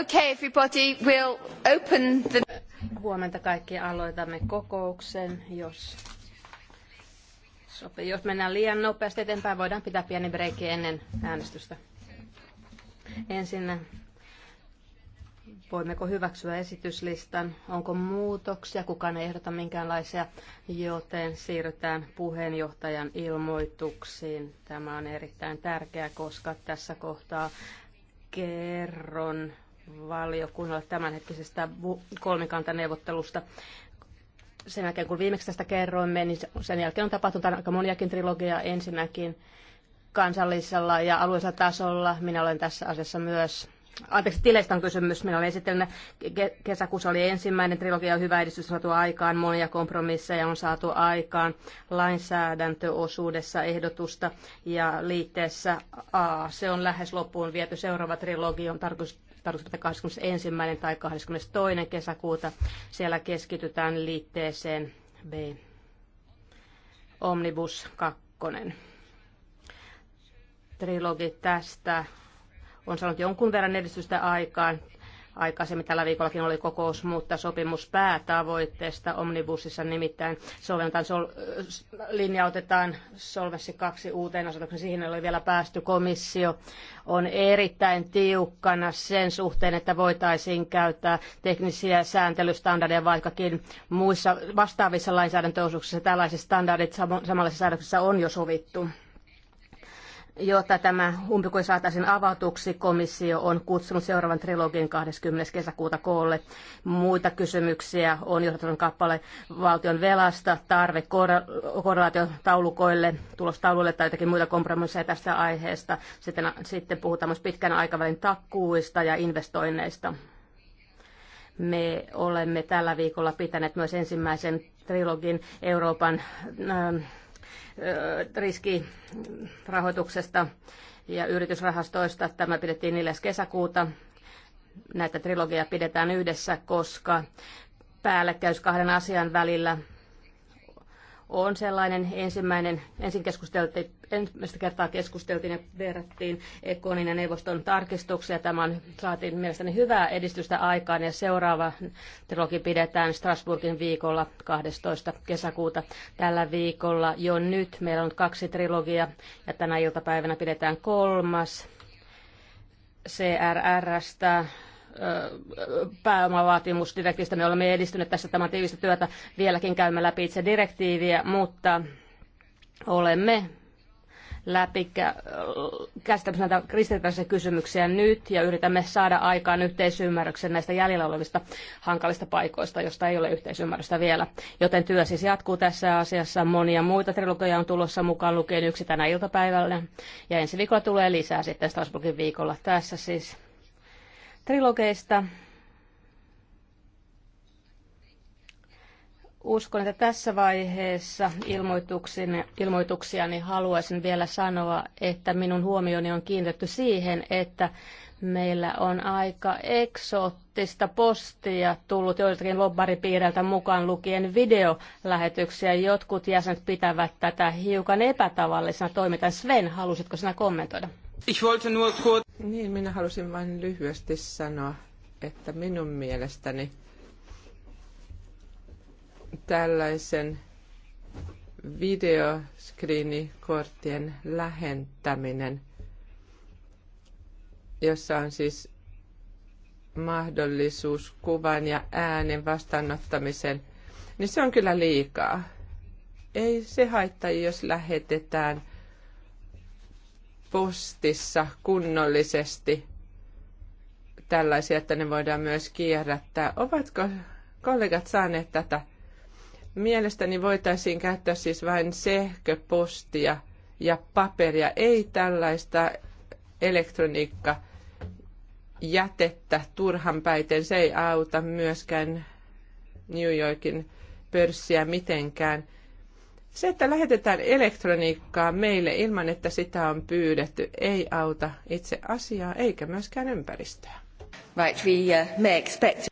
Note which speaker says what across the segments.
Speaker 1: Okay, everybody, we'll open
Speaker 2: the... Huomenta kaikki aloitamme kokouksen, jos sopii. Jos mennään liian nopeasti eteenpäin, voidaan pitää pieni breikki ennen äänestystä. Ensin voimmeko hyväksyä esityslistan, onko muutoksia, kukaan ei ehdota minkäänlaisia, joten siirrytään puheenjohtajan ilmoituksiin. Tämä on erittäin tärkeää, koska tässä kohtaa kerron valiokunnalle tämänhetkisestä kolmikantaneuvottelusta. Sen jälkeen, kun viimeksi tästä kerroimme, niin sen jälkeen on tapahtunut aika moniakin trilogia ensinnäkin kansallisella ja alueellisella tasolla. Minä olen tässä asiassa myös Anteeksi, Tileistä on kysymys. Minä olen esittelynä. kesäkuussa oli ensimmäinen trilogia hyvä edistys saatu aikaan, monia kompromisseja on saatu aikaan lainsäädäntöosuudessa ehdotusta ja liitteessä A. Se on lähes loppuun viety. Seuraava trilogi on tarkoitus tarkoittaa että 21. tai 22. kesäkuuta. Siellä keskitytään liitteeseen B. Omnibus 2. Trilogi tästä on saanut jonkun verran edistystä aikaan. Aikaisemmin tällä viikollakin oli kokous, mutta sopimus päätavoitteesta omnibusissa nimittäin sovelletaan, sol, linja otetaan solvessi kaksi uuteen asetukseen. Siihen oli vielä päästy. Komissio on erittäin tiukkana sen suhteen, että voitaisiin käyttää teknisiä sääntelystandardeja, vaikkakin muissa vastaavissa lainsäädäntöosuuksissa tällaiset standardit samanlaisissa säädöksissä on jo sovittu. Jotta tämä umpikui saataisiin avautuksi, komissio on kutsunut seuraavan trilogin 20. kesäkuuta koolle. Muita kysymyksiä on johtanut kappale valtion velasta, tarve korrelaatiotaulukoille, tulostauluille tai jotakin muita kompromisseja tästä aiheesta. Sitten, sitten puhutaan myös pitkän aikavälin takkuista ja investoinneista. Me olemme tällä viikolla pitäneet myös ensimmäisen trilogin Euroopan äh, riskirahoituksesta ja yritysrahastoista. Tämä pidettiin 4. kesäkuuta. Näitä trilogia pidetään yhdessä, koska päällekkäys kahden asian välillä on sellainen ensimmäinen, ensin keskusteltiin, ensimmäistä kertaa keskusteltiin ja verrattiin Ekonin ja neuvoston tarkistuksia. Tämä on, saatiin mielestäni hyvää edistystä aikaan ja seuraava trilogi pidetään Strasbourgin viikolla 12. kesäkuuta tällä viikolla. Jo nyt meillä on kaksi trilogia ja tänä iltapäivänä pidetään kolmas CRRstä pääomavaatimusdirektiivistä. Me olemme edistyneet tässä tämän tiivistä työtä vieläkin käymme läpi itse direktiiviä, mutta olemme läpi käsittämässä näitä ristiriitaisia kysymyksiä nyt ja yritämme saada aikaan yhteisymmärryksen näistä jäljellä olevista hankalista paikoista, josta ei ole yhteisymmärrystä vielä. Joten työ siis jatkuu tässä asiassa. Monia muita trilogoja on tulossa mukaan lukien yksi tänä iltapäivällä ja ensi viikolla tulee lisää sitten Strasbourgin viikolla. Tässä siis trilogeista. Uskon, että tässä vaiheessa ilmoituksiani haluaisin vielä sanoa, että minun huomioni on kiinnitetty siihen, että meillä on aika eksoottista postia tullut joiltakin lobbaripiireiltä mukaan lukien videolähetyksiä. Jotkut jäsenet pitävät tätä hiukan epätavallisena toimintana. Sven, halusitko sinä kommentoida?
Speaker 3: Ich wollte nur kurz... Niin, minä halusin vain lyhyesti sanoa, että minun mielestäni tällaisen videoskriinikorttien lähentäminen, jossa on siis mahdollisuus kuvan ja äänen vastaanottamiseen, niin se on kyllä liikaa. Ei se haittaa, jos lähetetään – postissa kunnollisesti tällaisia, että ne voidaan myös kierrättää. Ovatko kollegat saaneet tätä? Mielestäni voitaisiin käyttää siis vain sähköpostia ja paperia, ei tällaista elektroniikka jätettä turhanpäiten. Se ei auta myöskään New Yorkin pörssiä mitenkään. Se, että lähetetään elektroniikkaa meille ilman, että sitä on pyydetty, ei auta itse asiaa eikä myöskään ympäristöä. Right, we, uh, may expect...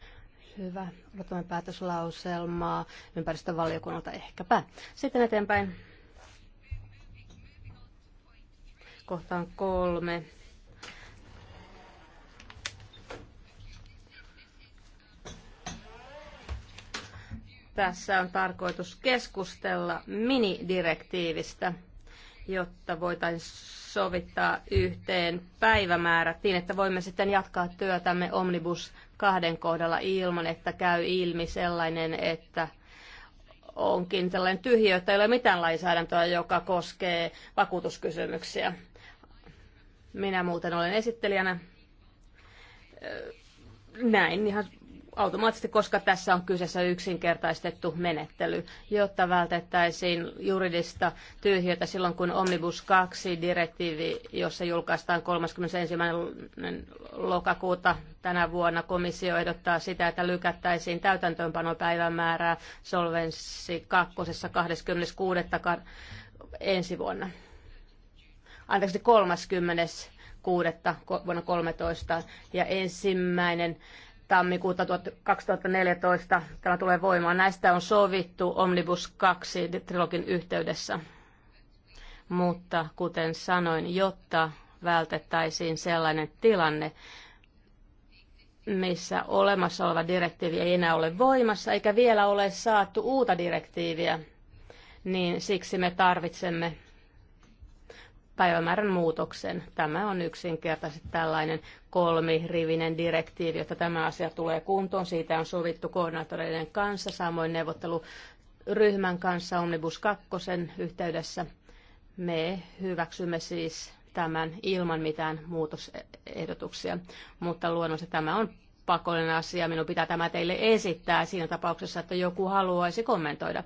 Speaker 2: Hyvä. Odotamme päätöslauselmaa ympäristövaliokunnalta ehkäpä. Sitten eteenpäin. Kohtaan kolme. Tässä on tarkoitus keskustella minidirektiivistä, jotta voitaisiin sovittaa yhteen päivämäärät niin, että voimme sitten jatkaa työtämme Omnibus kahden kohdalla ilman, että käy ilmi sellainen, että onkin tällainen tyhjiö, että ei ole mitään lainsäädäntöä, joka koskee vakuutuskysymyksiä. Minä muuten olen esittelijänä. Näin ihan automaattisesti, koska tässä on kyseessä yksinkertaistettu menettely, jotta vältettäisiin juridista tyhjötä silloin, kun Omnibus 2-direktiivi, jossa julkaistaan 31. lokakuuta tänä vuonna, komissio ehdottaa sitä, että lykättäisiin täytäntöönpanopäivämäärää Solvenssi 2. 26. ensi vuonna. Anteeksi, 30 kuudetta vuonna 13 ja ensimmäinen tammikuuta 2014 tämä tulee voimaan. Näistä on sovittu Omnibus 2 trilogin yhteydessä. Mutta kuten sanoin, jotta vältettäisiin sellainen tilanne, missä olemassa oleva direktiivi ei enää ole voimassa eikä vielä ole saatu uutta direktiiviä, niin siksi me tarvitsemme päivämäärän muutoksen. Tämä on yksinkertaisesti tällainen kolmirivinen direktiivi, jotta tämä asia tulee kuntoon. Siitä on sovittu koordinaattoreiden kanssa, samoin neuvotteluryhmän kanssa Omnibus 2 yhteydessä. Me hyväksymme siis tämän ilman mitään muutosehdotuksia, mutta luonnollisesti tämä on pakollinen asia. Minun pitää tämä teille esittää siinä tapauksessa, että joku haluaisi kommentoida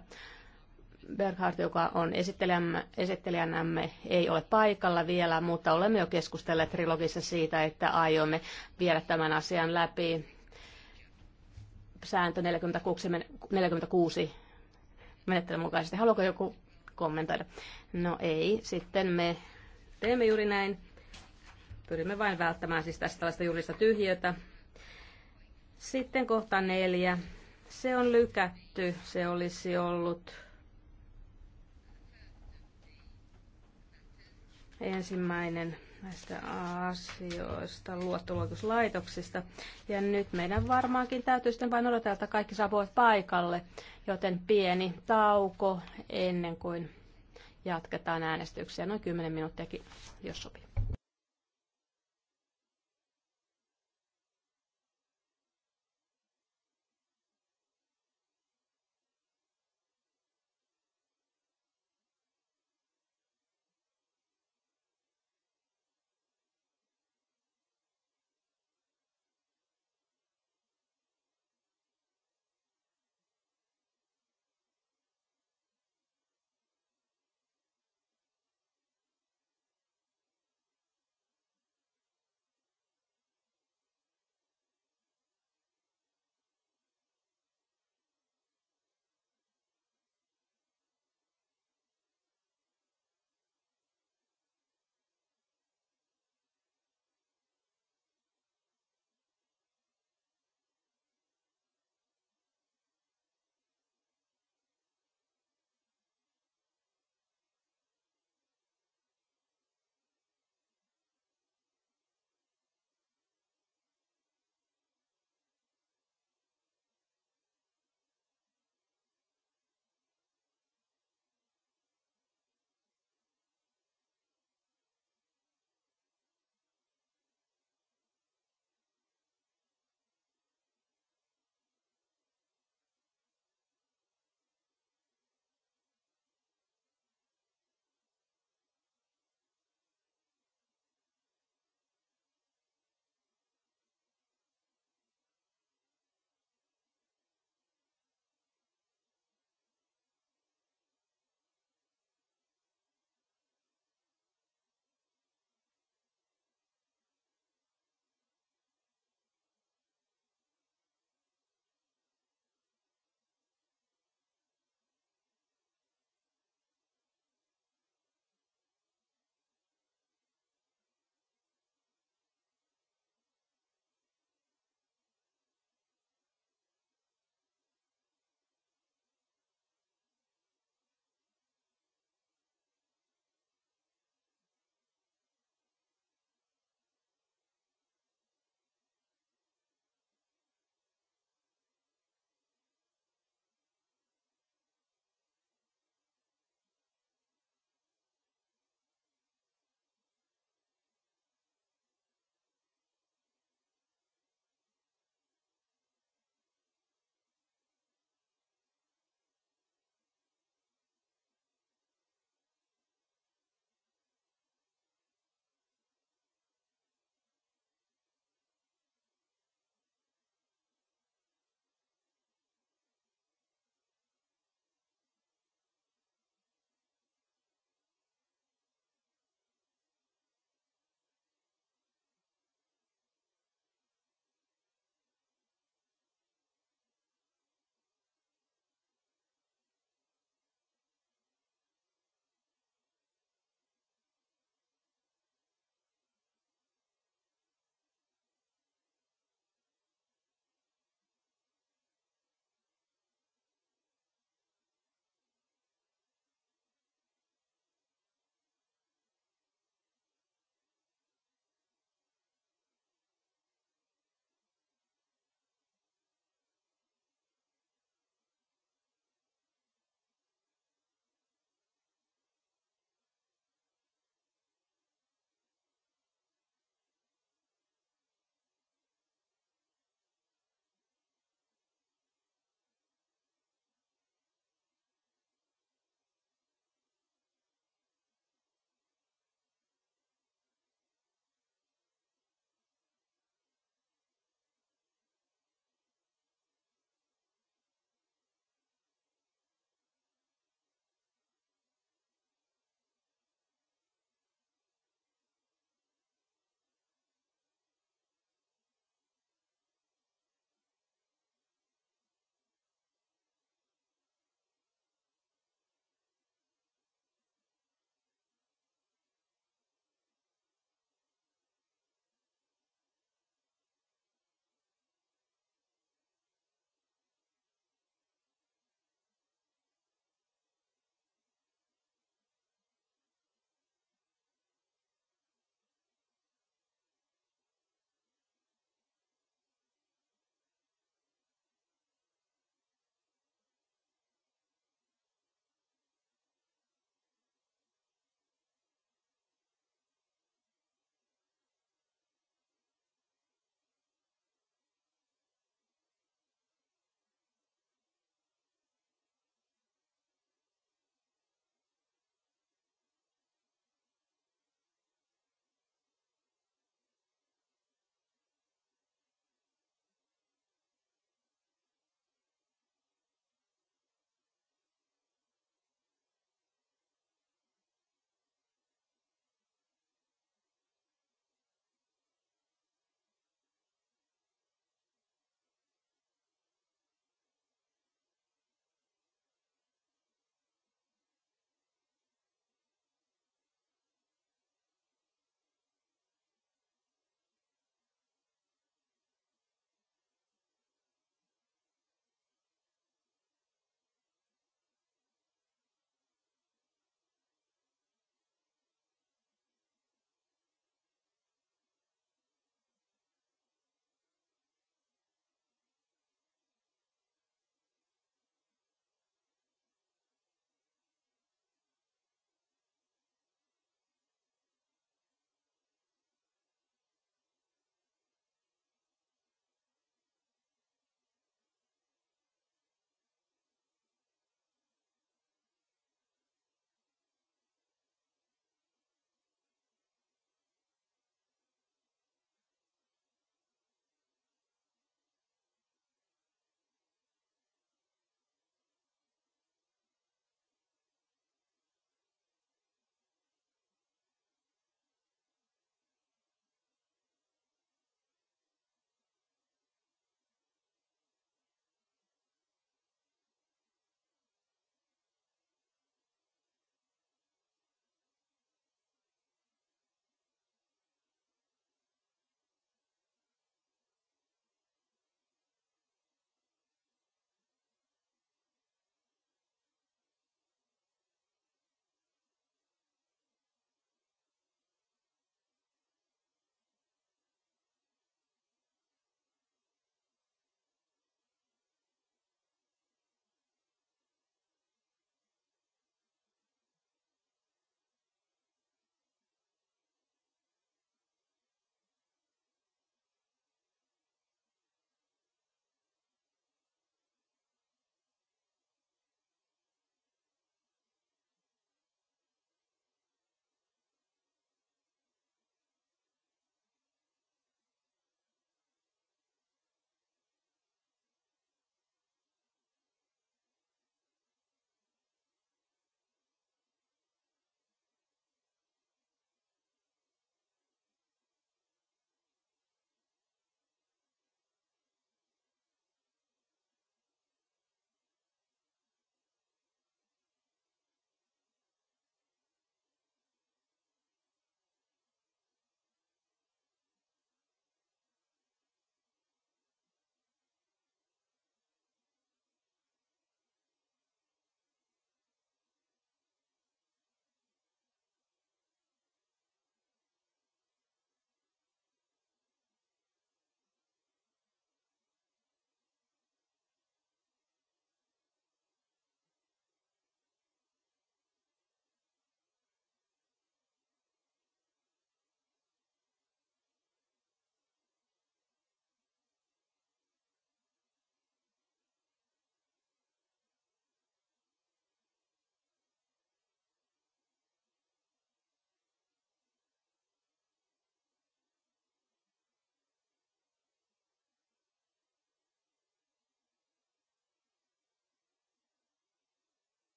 Speaker 2: Berghardt, joka on esittelijämme, esittelijänämme, ei ole paikalla vielä, mutta olemme jo keskustelleet trilogissa siitä, että aiomme viedä tämän asian läpi. Sääntö 46, 46 menettelyn mukaisesti. Haluatko joku kommentoida? No ei, sitten me teemme juuri näin. Pyrimme vain välttämään siis tästä tällaista juridista tyhjötä. Sitten kohta neljä. Se on lykätty. Se olisi ollut ensimmäinen näistä asioista, luottoluokituslaitoksista. Ja nyt meidän varmaankin täytyy sitten vain odotella, että kaikki saapuvat paikalle, joten pieni tauko ennen kuin jatketaan äänestyksiä, noin 10 minuuttiakin, jos sopii.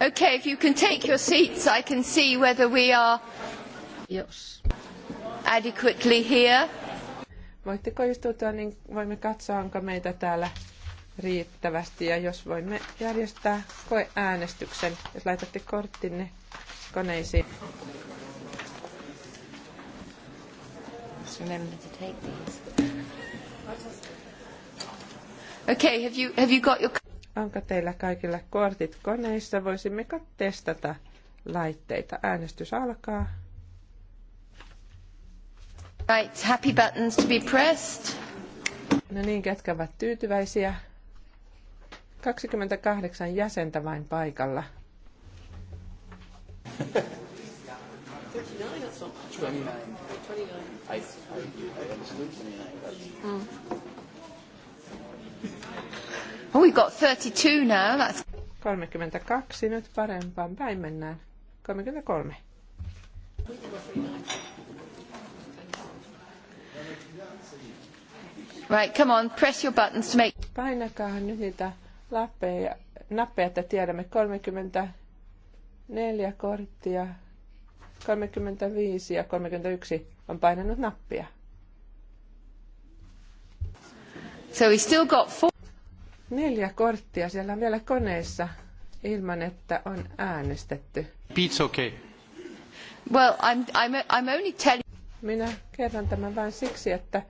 Speaker 1: Okay, if you can take your seats, I
Speaker 3: can see whether we are Jos. adequately here. Voitteko istutua, niin voimme katsoa, onko meitä täällä riittävästi. Ja jos voimme järjestää koeäänestyksen, jos laitatte korttinne koneisiin. Okay, have you, have you got your Onko teillä kaikilla kortit koneissa? Voisimmeko testata laitteita? Äänestys alkaa. Right, happy buttons to be pressed. No niin, ketkä ovat tyytyväisiä? 28 jäsentä vain paikalla. Mm. Oh, we got 32 now. That's... 32, nyt parempaan päin mennään. 33. Right, come on, press your buttons to make... Painakaa nyt niitä lappeja, nappeja, että tiedämme 34 korttia, 35 ja 31 on painanut nappia. So we still got four. Neljä korttia siellä on vielä koneessa ilman, että on äänestetty. It's okay. Well, I'm, I'm, I'm only telling... Minä kerron tämän vain siksi, että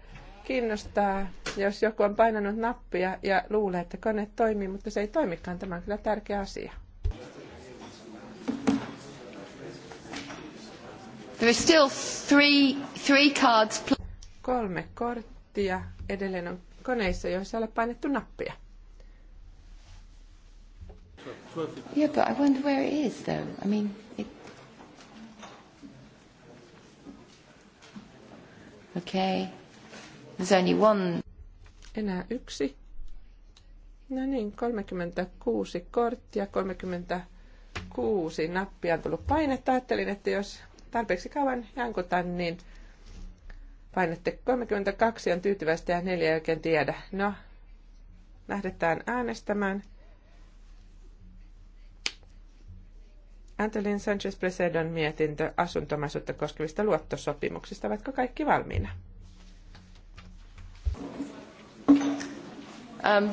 Speaker 3: kiinnostaa, jos joku on painanut nappia ja luulee, että kone toimii, mutta se ei toimikaan. Tämä on kyllä tärkeä asia. There are still three, three cards. Kolme korttia edelleen on koneissa, joissa ei ole painettu nappia
Speaker 1: perfect. Yeah, but I wonder where it is, though. I mean, it...
Speaker 3: Okay. There's only one. Enää yksi. No niin, 36 korttia, 36 nappia on tullut painetta. Ajattelin, että jos tarpeeksi kauan jankutan, niin painette 32 on tyytyväistä ja neljä ei oikein tiedä. No, lähdetään äänestämään. Antolin Sanchez Presedon mietintö asuntomaisuutta koskevista luottosopimuksista. Ovatko kaikki valmiina? Um,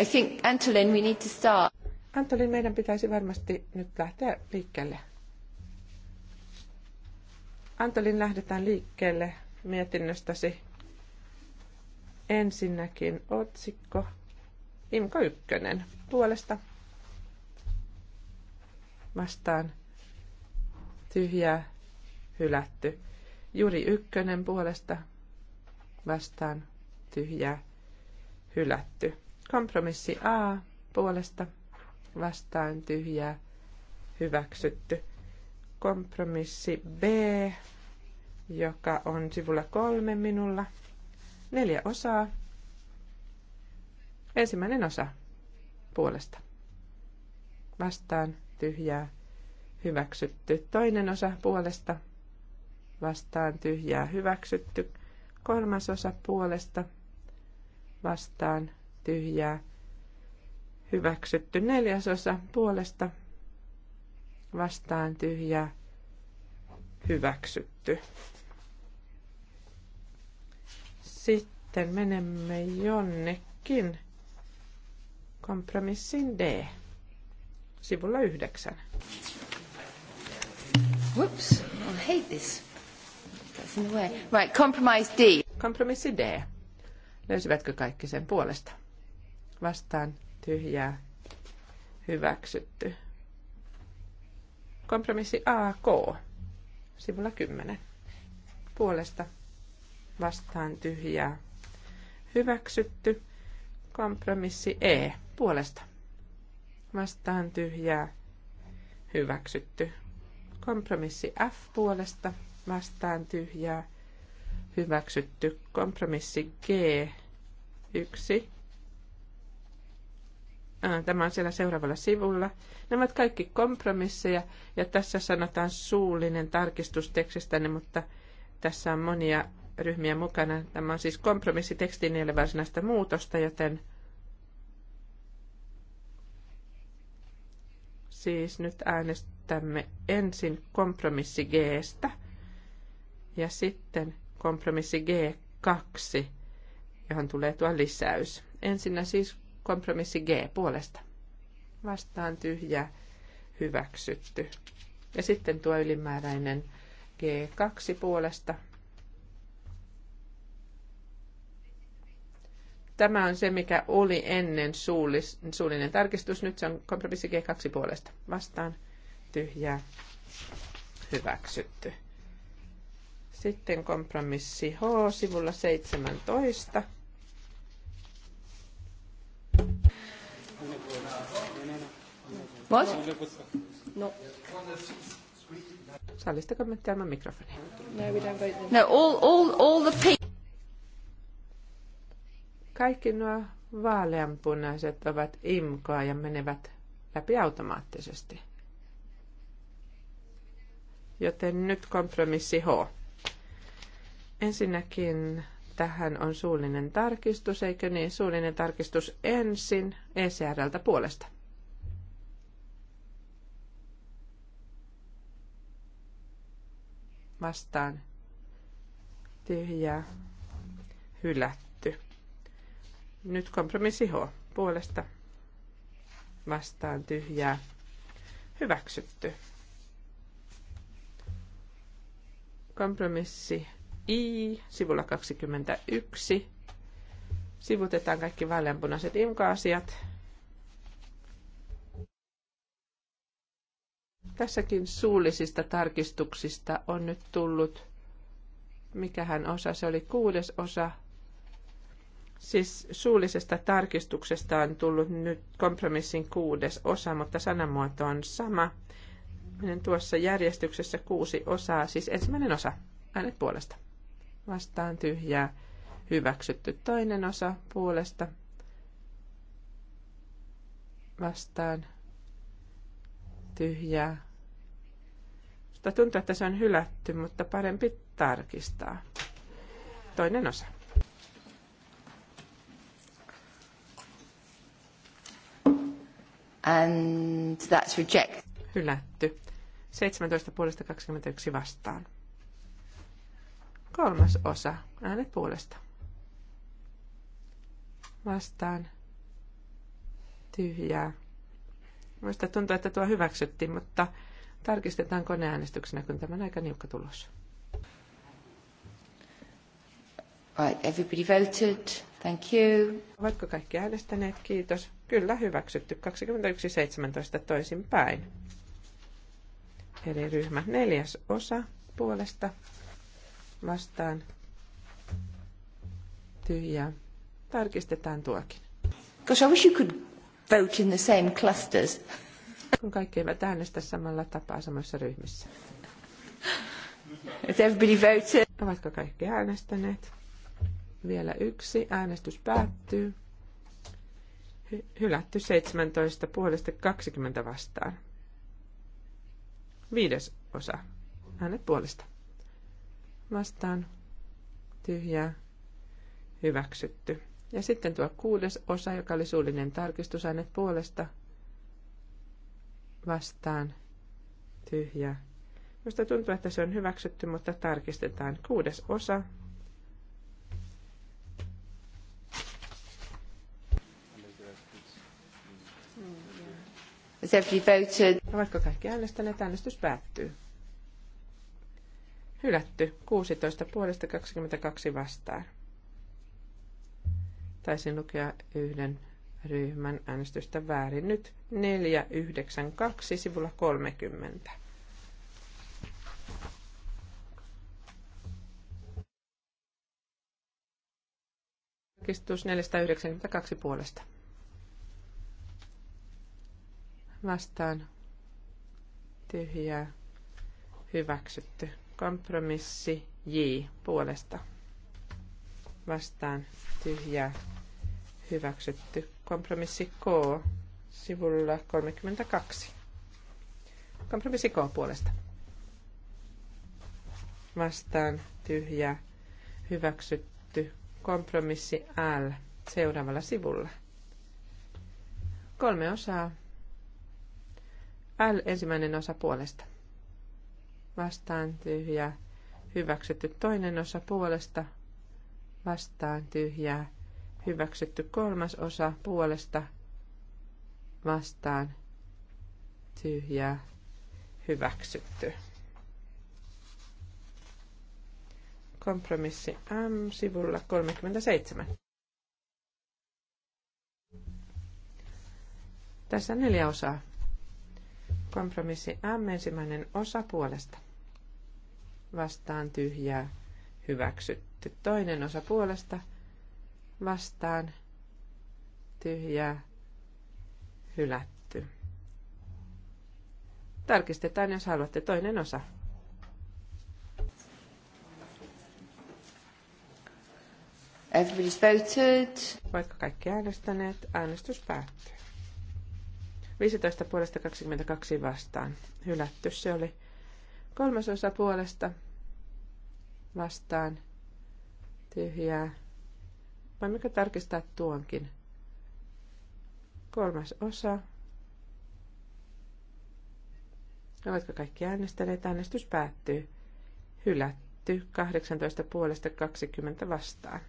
Speaker 3: I think, Antolin, we need to start. Antolin, meidän pitäisi varmasti nyt lähteä liikkeelle. Antolin, lähdetään liikkeelle mietinnöstäsi. Ensinnäkin otsikko Imko Ykkönen puolesta vastaan tyhjää hylätty. Juri ykkönen puolesta vastaan tyhjää hylätty. Kompromissi A puolesta vastaan tyhjää hyväksytty. Kompromissi B, joka on sivulla kolme minulla. Neljä osaa. Ensimmäinen osa puolesta. Vastaan tyhjää hyväksytty. Toinen osa puolesta vastaan tyhjää hyväksytty. Kolmas osa puolesta vastaan tyhjää hyväksytty. Neljäs osa puolesta vastaan tyhjää hyväksytty. Sitten menemme jonnekin kompromissin D sivulla yhdeksän. Whoops, I hate this. That's in the way. Right, compromise D. Kompromissi D. Löysivätkö kaikki sen puolesta? Vastaan tyhjää. Hyväksytty. Kompromissi AK. Sivulla 10. Puolesta vastaan tyhjää. Hyväksytty. Kompromissi E. Puolesta vastaan tyhjää hyväksytty. Kompromissi F puolesta vastaan tyhjää hyväksytty. Kompromissi G 1. Tämä on siellä seuraavalla sivulla. Nämä ovat kaikki kompromisseja ja tässä sanotaan suullinen tarkistus tekstistäni, mutta tässä on monia ryhmiä mukana. Tämä on siis kompromissi, tekstiin ei ole varsinaista muutosta, joten siis nyt äänestämme ensin kompromissi g ja sitten kompromissi G2, johon tulee tuo lisäys. Ensinnä siis kompromissi G puolesta. Vastaan tyhjä, hyväksytty. Ja sitten tuo ylimääräinen G2 puolesta Tämä on se, mikä oli ennen suullis, suullinen tarkistus. Nyt se on kompromissi G2 puolesta. Vastaan tyhjää hyväksytty. Sitten kompromissi H sivulla 17. Vos? No. Sallista kommentti mikrofonia. No, we don't vote no all, all, all the people. Kaikki nuo vaaleanpunaiset ovat imkoa ja menevät läpi automaattisesti. Joten nyt kompromissi H. Ensinnäkin tähän on suullinen tarkistus, eikö niin? Suullinen tarkistus ensin ECRltä puolesta. Vastaan. Tyhjää. Hylätty nyt kompromissi H puolesta vastaan tyhjää hyväksytty. Kompromissi I sivulla 21. Sivutetaan kaikki vaaleanpunaiset imka-asiat. Tässäkin suullisista tarkistuksista on nyt tullut, mikähän osa se oli, kuudes osa – Siis suullisesta tarkistuksesta on tullut nyt kompromissin kuudes osa, mutta sanamuoto on sama. Menen tuossa järjestyksessä kuusi osaa, siis ensimmäinen osa, äänet puolesta. Vastaan tyhjää, hyväksytty toinen osa puolesta. Vastaan tyhjää. tuntuu, että se on hylätty, mutta parempi tarkistaa. Toinen osa. And that's reject. Hylätty. 17 puolesta 21 vastaan. Kolmas osa. Äänet puolesta. Vastaan. Tyhjää. Minusta tuntuu, että tuo hyväksyttiin, mutta tarkistetaan koneäänestyksenä, kun tämä on aika niukka tulos. Right, everybody voted. Thank you. Ovatko kaikki äänestäneet? Kiitos. Kyllä, hyväksytty. 21.17 toisin päin. Eli ryhmä neljäs osa puolesta vastaan tyhjää. Tarkistetaan tuokin. Gosh, I wish you could vote in the same clusters. Kun kaikki eivät äänestä samalla tapaa samassa ryhmissä. Has everybody voted? Ovatko kaikki äänestäneet? Vielä yksi. Äänestys päättyy. Hy- hylätty 17 puolesta 20 vastaan. Viides osa. Äänet puolesta. Vastaan. Tyhjää. Hyväksytty. Ja sitten tuo kuudes osa, joka oli suullinen tarkistus, äänet puolesta. Vastaan. Tyhjää. Minusta tuntuu, että se on hyväksytty, mutta tarkistetaan. Kuudes osa, Has Ovatko kaikki äänestäneet? Äänestys päättyy. Hylätty. 16 puolesta 22 vastaan. Taisin lukea yhden ryhmän äänestystä väärin. Nyt 492 sivulla 30. Tarkistus 492 puolesta vastaan tyhjää hyväksytty. Kompromissi J puolesta vastaan tyhjää hyväksytty. Kompromissi K sivulla 32. Kompromissi K puolesta vastaan tyhjää hyväksytty. Kompromissi L seuraavalla sivulla. Kolme osaa L ensimmäinen osa puolesta. Vastaan tyhjää. Hyväksytty toinen osa puolesta. Vastaan tyhjää. Hyväksytty kolmas osa puolesta. Vastaan tyhjää. Hyväksytty. Kompromissi M sivulla 37. Tässä neljä osaa. Kompromissi M ensimmäinen osa puolesta. Vastaan tyhjää. Hyväksytty. Toinen osa puolesta. Vastaan tyhjää. Hylätty. Tarkistetaan, jos haluatte toinen osa. Everybody's voted. Oletko kaikki äänestäneet? Äänestys päättyy. 15 puolesta 22 vastaan. Hylätty se oli. Kolmasosa puolesta vastaan. Tyhjää. Vai mikä tarkistaa tuonkin? Kolmas osa. Oletko kaikki äänestäneet? Äänestys päättyy. Hylätty 18 puolesta 20 vastaan.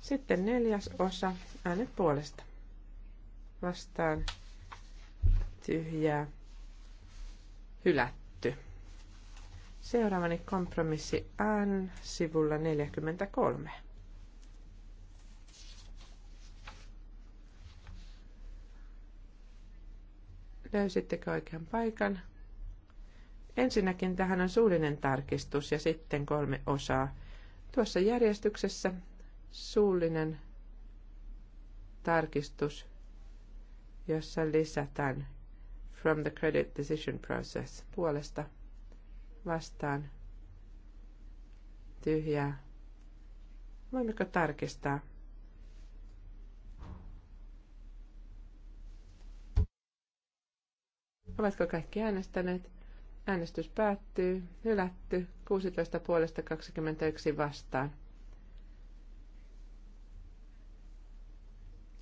Speaker 3: Sitten neljäs osa, äänet puolesta vastaan tyhjää hylätty. Seuraavani kompromissi N sivulla 43. Löysittekö oikean paikan? Ensinnäkin tähän on suullinen tarkistus ja sitten kolme osaa. Tuossa järjestyksessä suullinen tarkistus jossa lisätään from the credit decision process puolesta vastaan tyhjää. Voimmeko tarkistaa? Ovatko kaikki äänestäneet? Äänestys päättyy. Hylätty. 16 puolesta 21 vastaan.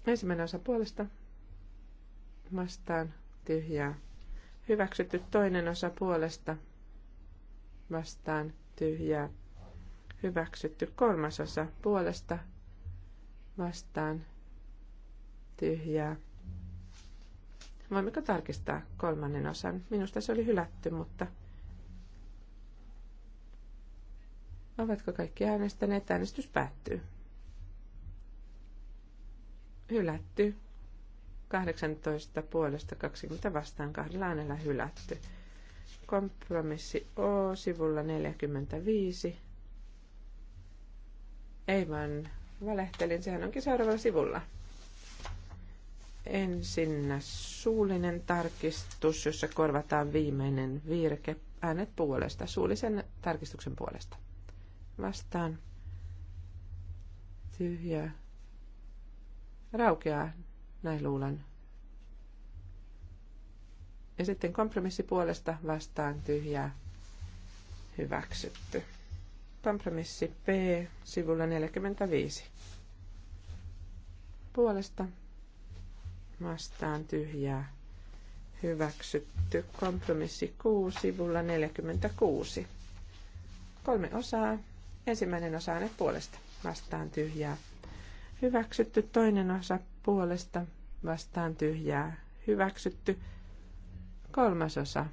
Speaker 3: Ensimmäinen osa puolesta vastaan tyhjää. Hyväksytty toinen osa puolesta vastaan tyhjää. Hyväksytty kolmas osa puolesta vastaan tyhjää. Voimmeko tarkistaa kolmannen osan? Minusta se oli hylätty, mutta Ovatko kaikki äänestäneet? Äänestys päättyy. Hylätty. 18 puolesta 20 vastaan kahdella äänellä hylätty. Kompromissi O sivulla 45. Ei vaan valehtelin, sehän onkin seuraavalla sivulla. Ensinnä suullinen tarkistus, jossa korvataan viimeinen virke. Äänet puolesta, suullisen tarkistuksen puolesta. Vastaan. Tyhjä. Raukeaa näin luulen. Ja sitten kompromissi puolesta vastaan tyhjää hyväksytty. Kompromissi P sivulla 45. Puolesta vastaan tyhjää hyväksytty. Kompromissi Q sivulla 46. Kolme osaa. Ensimmäinen osa on puolesta vastaan tyhjää Hyväksytty toinen osa puolesta vastaan tyhjää. Hyväksytty kolmas osa.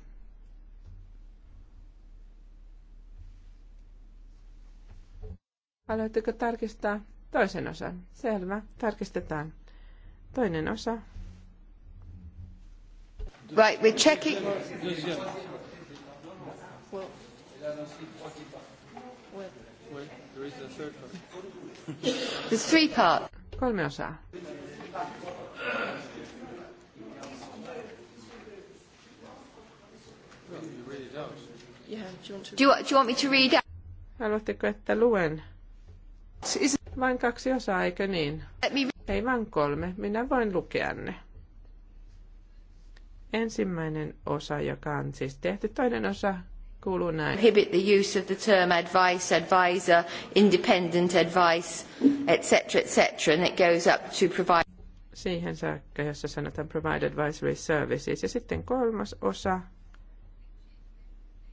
Speaker 3: Haluatteko tarkistaa toisen osan? Selvä, tarkistetaan. Toinen osa. Right, we're checking.
Speaker 2: Well, There's three parts.
Speaker 3: Kolme osaa.
Speaker 1: Do you, do you want me to read
Speaker 3: Haluatteko, että luen? Vain kaksi osaa, eikö niin? Ei vain kolme. Minä voin lukea ne. Ensimmäinen osa, joka on siis tehty. Toinen osa kuuluu näin. Prohibit the use of the term advice, advisor, independent advice, etc., etc., and it goes up to provide... Siihen saakka, jossa sanotaan provide advisory services. Ja sitten kolmas osa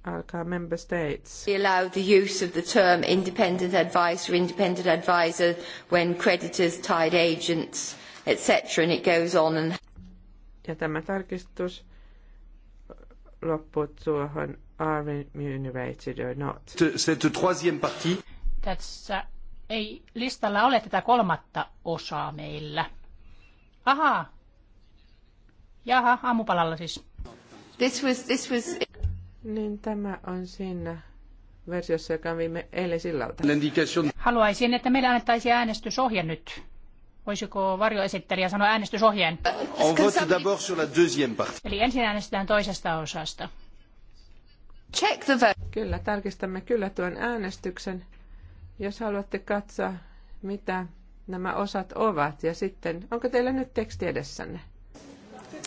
Speaker 3: alkaa member states. We allow the use of the term independent advisor, independent advisor, when creditors, tied agents, etc., and it goes on and... Ja tämä tarkistus lopput tuohon are remunerated or not. Cette troisième partie.
Speaker 1: Tässä ei listalla ole tätä kolmatta osaa meillä. Aha. Jaha, aamupalalla siis.
Speaker 3: This was, this was... Niin tämä on siinä versiossa, joka on viime eilen sillalta. Haluaisin, että meillä annettaisiin äänestysohje nyt. Voisiko
Speaker 1: varjoesittelijä sanoa äänestysohjeen? On vote d'abord sur la deuxième partie. Eli ensin äänestetään toisesta osasta.
Speaker 3: Check the vote. Kyllä, tarkistamme kyllä tuon äänestyksen. Jos haluatte katsoa, mitä nämä osat ovat, ja sitten, onko teillä nyt teksti edessänne?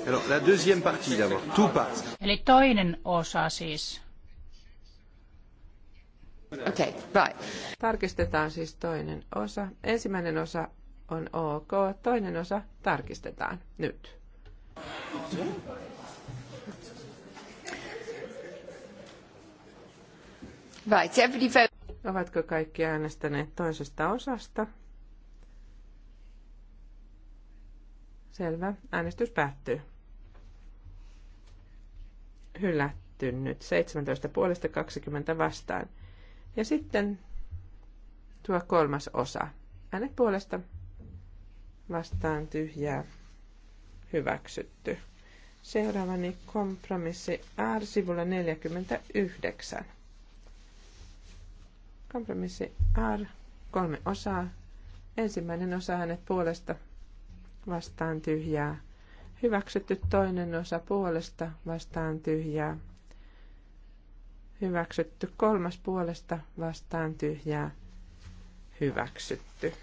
Speaker 1: Alors, la deuxième partie d'abord, tout part. Eli toinen
Speaker 3: osa siis. Okay, right. Tarkistetaan siis toinen osa. Ensimmäinen osa on ok. Toinen osa tarkistetaan nyt. Ovatko kaikki äänestäneet toisesta osasta? Selvä. Äänestys päättyy. Hylätty nyt. 17 puolesta 20 vastaan. Ja sitten tuo kolmas osa. Äänet puolesta vastaan tyhjää hyväksytty. Seuraavani kompromissi R sivulla 49. Kompromissi R, kolme osaa. Ensimmäinen osa hänet puolesta vastaan tyhjää. Hyväksytty toinen osa puolesta vastaan tyhjää. Hyväksytty kolmas puolesta vastaan tyhjää. Hyväksytty.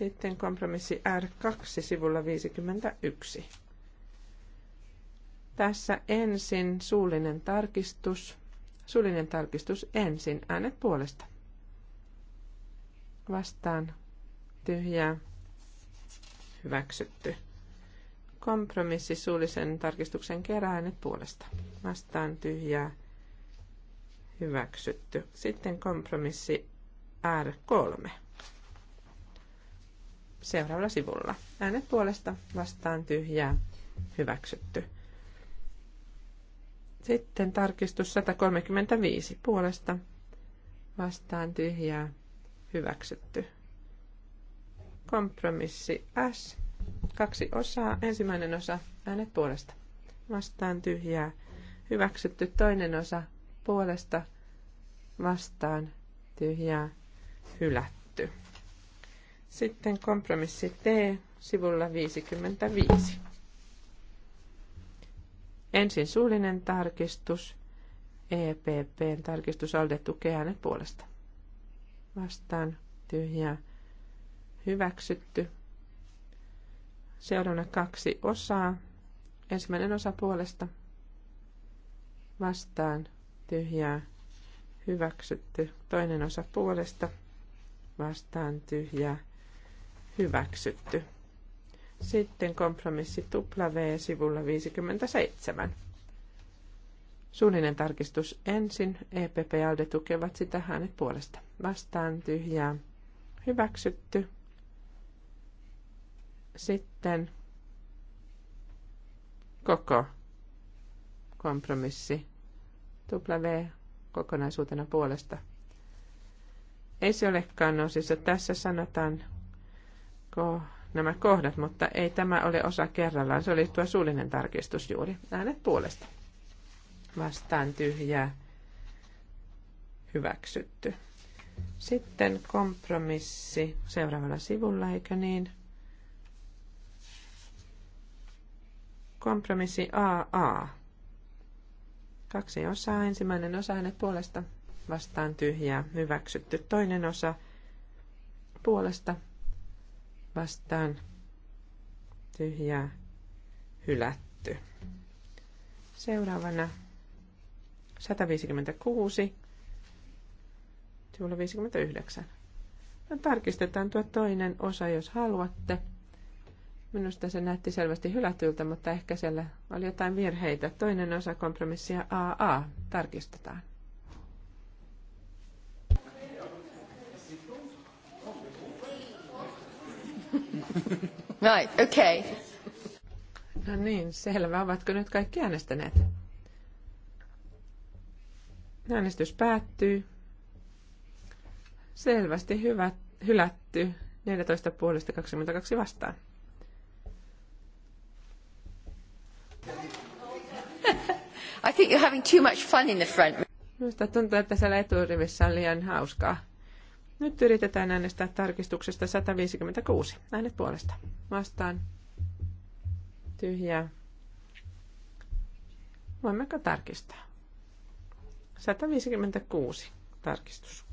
Speaker 3: Sitten kompromissi R2 sivulla 51. Tässä ensin suullinen tarkistus. Suullinen tarkistus ensin. Äänet puolesta. Vastaan. Tyhjää. Hyväksytty. Kompromissi suullisen tarkistuksen kerää äänet puolesta. Vastaan. Tyhjää. Hyväksytty. Sitten kompromissi R3 seuraavalla sivulla. Äänet puolesta vastaan tyhjää hyväksytty. Sitten tarkistus 135 puolesta vastaan tyhjää hyväksytty. Kompromissi S. Kaksi osaa. Ensimmäinen osa äänet puolesta. Vastaan tyhjää. Hyväksytty toinen osa puolesta vastaan tyhjää hylätty. Sitten kompromissi T sivulla 55. Ensin suullinen tarkistus, EPPn tarkistus, ALDE tukee hänen puolesta. Vastaan tyhjä, hyväksytty. Seuraavana kaksi osaa. Ensimmäinen osa puolesta vastaan tyhjää hyväksytty. Toinen osa puolesta vastaan tyhjää Hyväksytty. Sitten kompromissi W sivulla 57. Suullinen tarkistus ensin. EPP ja ALDE tukevat sitä hänet puolesta. Vastaan tyhjää. Hyväksytty. Sitten koko kompromissi. W kokonaisuutena puolesta. Ei se olekaan osissa. Tässä sanotaan Ko nämä kohdat, mutta ei tämä ole osa kerrallaan. Se oli tuo suullinen tarkistus juuri. Äänet puolesta. Vastaan tyhjää. Hyväksytty. Sitten kompromissi seuraavalla sivulla, eikö niin? Kompromissi AA. Kaksi osaa. Ensimmäinen osa hänet puolesta vastaan tyhjää. Hyväksytty. Toinen osa puolesta vastaan tyhjää hylätty. Seuraavana 156, sivulla 59. No, tarkistetaan tuo toinen osa, jos haluatte. Minusta se näytti selvästi hylätyltä, mutta ehkä siellä oli jotain virheitä. Toinen osa kompromissia AA tarkistetaan. Right, okay. No niin, selvä. Ovatko nyt kaikki äänestäneet? Äänestys päättyy. Selvästi hyvä, hylätty. 14 puolesta 22 vastaan. I think you're having too much fun in the front. Minusta tuntuu, että siellä eturivissä on liian hauskaa. Nyt yritetään äänestää tarkistuksesta 156. Äänet puolesta. Vastaan. Tyhjää. Voimmeko tarkistaa? 156 tarkistus.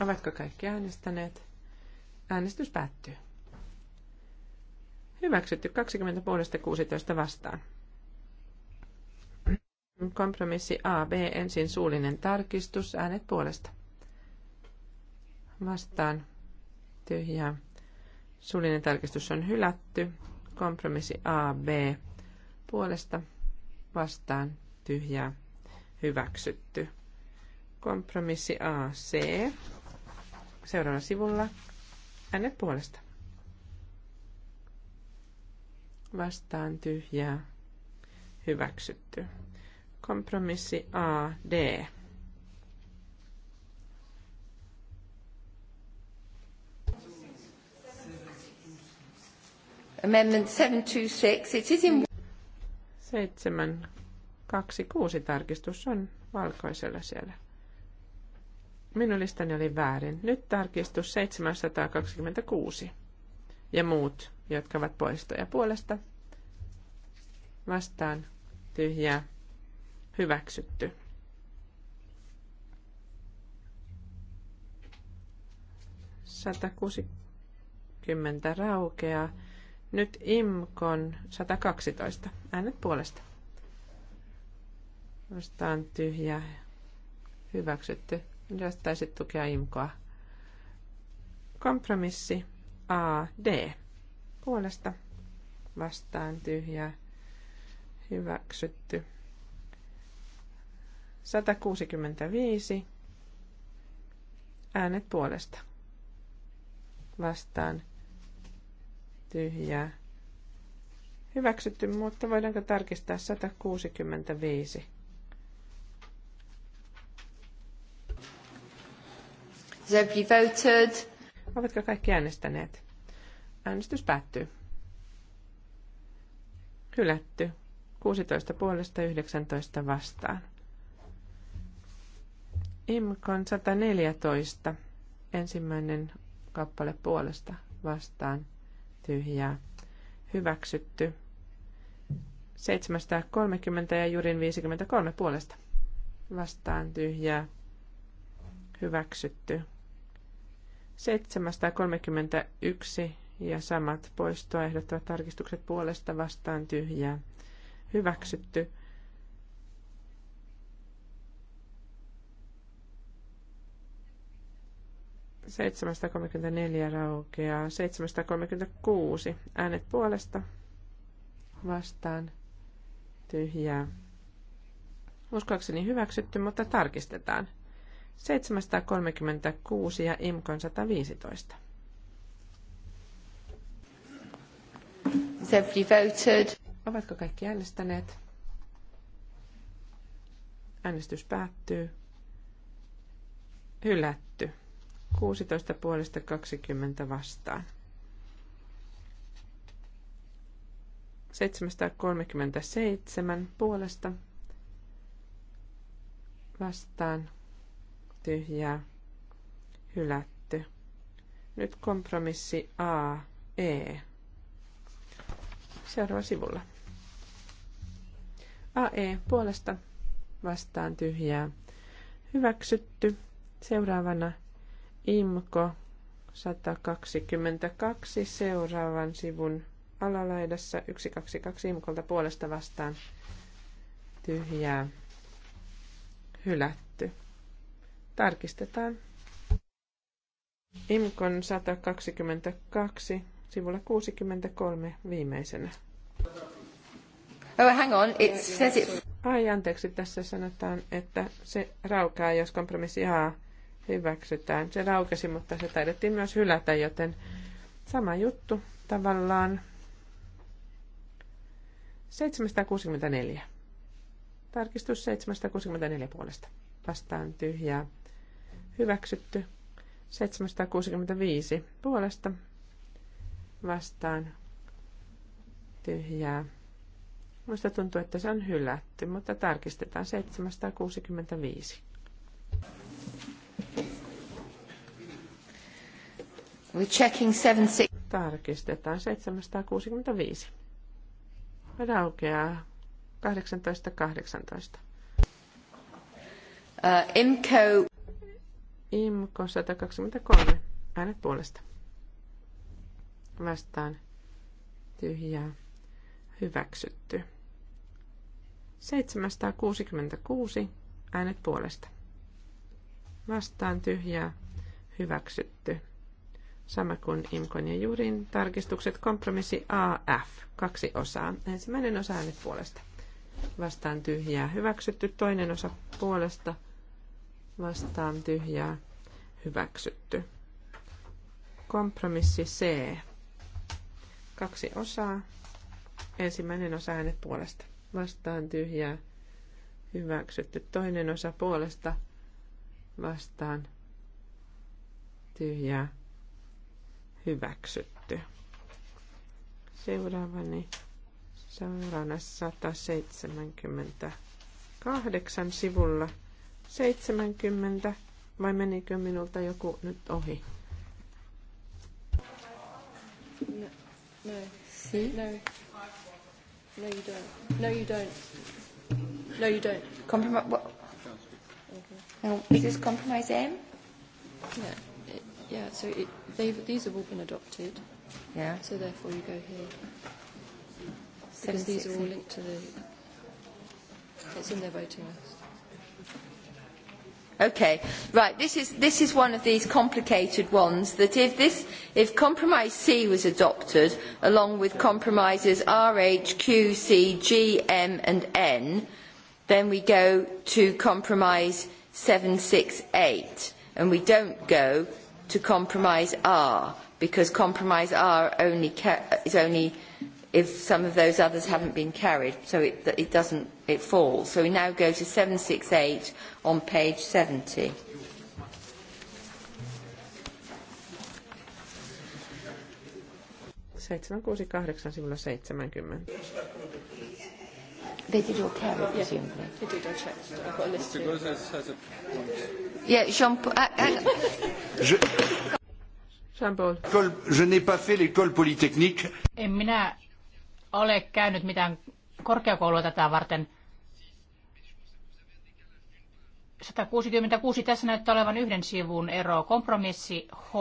Speaker 3: Ovatko kaikki äänestäneet? Äänestys päättyy. Hyväksytty 20 puolesta 16 vastaan. Kompromissi AB, ensin suullinen tarkistus, äänet puolesta. Vastaan tyhjää. Suullinen tarkistus on hylätty. Kompromissi AB puolesta vastaan tyhjää hyväksytty. Kompromissi AC seuraavalla sivulla äänet puolesta. Vastaan tyhjää hyväksytty. Kompromissi A, D. Amendment 726. It is tarkistus on valkoisella siellä. Minun listani oli väärin. Nyt tarkistus 726 ja muut, jotka ovat poistoja puolesta. Vastaan tyhjää Hyväksytty. Sata kuusikymmentä raukeaa. Nyt IMKON 112. Äänet puolesta. Vastaan tyhjää. Hyväksytty. Jostaisi tukea IMKOa. Kompromissi AD. Puolesta. Vastaan tyhjää. Hyväksytty. 165. Äänet puolesta. Vastaan. Tyhjää. Hyväksytty, mutta voidaanko tarkistaa 165? Every voted. Ovatko kaikki äänestäneet? Äänestys päättyy. Hylätty. 16 puolesta 19 vastaan. Imkon 114, ensimmäinen kappale puolesta vastaan tyhjää hyväksytty. 730 ja Jurin 53 puolesta vastaan tyhjää hyväksytty. 731 ja samat poistoa ehdottavat tarkistukset puolesta vastaan tyhjää hyväksytty. 734 raukeaa. 736 äänet puolesta vastaan tyhjää. Uskoakseni hyväksytty, mutta tarkistetaan. 736 ja IMKON 115. voted? Ovatko kaikki äänestäneet? Äänestys päättyy. Hylätty. 16 puolesta 20 vastaan. 737 puolesta vastaan tyhjää hylätty. Nyt kompromissi A, E. Seuraava sivulla. e puolesta vastaan tyhjää hyväksytty. Seuraavana IMKO 122 seuraavan sivun alalaidassa 122 IMKOlta puolesta vastaan tyhjää hylätty. Tarkistetaan. IMKON 122 sivulla 63 viimeisenä. Oh, hang on, it says it... Ai anteeksi, tässä sanotaan, että se raukeaa, jos kompromissi A hyväksytään. Se raukesi, mutta se taidettiin myös hylätä, joten sama juttu tavallaan. 764. Tarkistus 764 puolesta. Vastaan tyhjää. Hyväksytty. 765 puolesta. Vastaan tyhjää. Minusta tuntuu, että se on hylätty, mutta tarkistetaan 765. We're checking seven, six. Tarkistetaan 765. Raukeaa 1818. 18. Uh, IMCO. IMCO 123. Äänet puolesta. Vastaan. Tyhjää. Hyväksytty. 766. Äänet puolesta. Vastaan tyhjää. Hyväksytty. Sama kuin Imkon ja Jurin tarkistukset. Kompromissi AF, kaksi osaa. Ensimmäinen osa nyt puolesta. Vastaan tyhjää hyväksytty. Toinen osa puolesta. Vastaan tyhjää hyväksytty. Kompromissi C, kaksi osaa. Ensimmäinen osa äänet puolesta. Vastaan tyhjää hyväksytty. Toinen osa puolesta. Vastaan tyhjää hyväksytty. Seuraavani seuraavana 178 sivulla 70, vai menikö minulta joku nyt ohi? No, no, Hmm? no,
Speaker 1: no you don't. No you don't. No you don't. Compromise. What? Okay. No, is this compromise M? No.
Speaker 2: Yeah, so it, they've, these have all been adopted. Yeah. So therefore you go here. Because these are all linked to the... It's in their voting list.
Speaker 1: Okay, right, this is, this is one of these complicated ones that if, this, if compromise C was adopted, along with compromises R, H, Q, C, G, M and N, then we go
Speaker 3: to compromise 768 and we don't go to compromise R because compromise R only is only
Speaker 1: if some of those others haven't been carried, so it, it doesn't, it falls. So we now go to
Speaker 3: 768 on page 70. Seitsemän, kuusi, kahdeksan, sivulla seitsemänkymmentä. They did all carry, yeah. presumably. They did I checked. I've got a list here. has
Speaker 1: a point. Yeah, Jean-Paul.
Speaker 3: Uh, uh, je...
Speaker 1: Jean-Paul. Je n'ai pas fait l'école polytechnique. En minä ole käynyt mitään korkeakoulua tätä varten. 166 tässä näyttää olevan yhden sivun ero. Kompromissi H